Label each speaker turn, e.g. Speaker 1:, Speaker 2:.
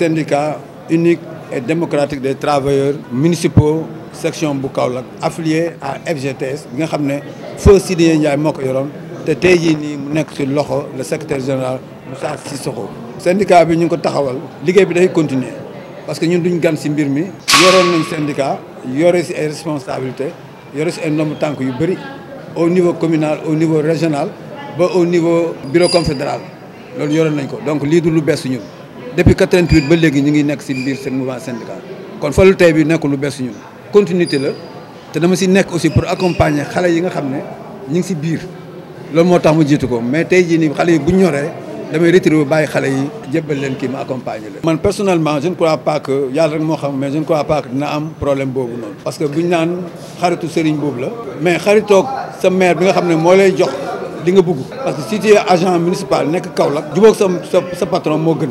Speaker 1: syndicat unique et démocratique des travailleurs municipaux section bu affilié à FGTS Nous nga xam le feu Sidiyé Ndiaye moo ko yoroon te le secrétaire général Moussa Sissoko syndicat bi ñu ngi ko taxawal liggéey bi day continuer parce que nous duñ gan ci mbir mi yoroon un syndicat une ci responsabilité, responsabilités un ci nombre de temps qui au niveau communal au niveau régional au niveau bureau confédéral donc nous du lu bees depuis 88 ba léegi ñu ngi nekk si biir seen mouvement syndical kon falu bi nekk lu bees ñun continuité la te dama si nekk aussi pour accompagner xale yi nga xam ne ñu ngi si biir loolu moo tax mu jiitu ko mais tey jii nii xale yi bu ñoree damay retiré bàyyi xale yi jébbal leen kii ma accompagner leen. man personnellement je ne crois pas yàlla rek moo xam mais je ne crois pas que dina am problème boobu noonu. parce que bu ñu naan xaritu sëriñ boobu la. mais xaritoog sa maire bi nga xam ne moo lay jox li nga bëgg. parce que si agent municipal nekk Kaolack. jubóog sa sa sa patron moo gën.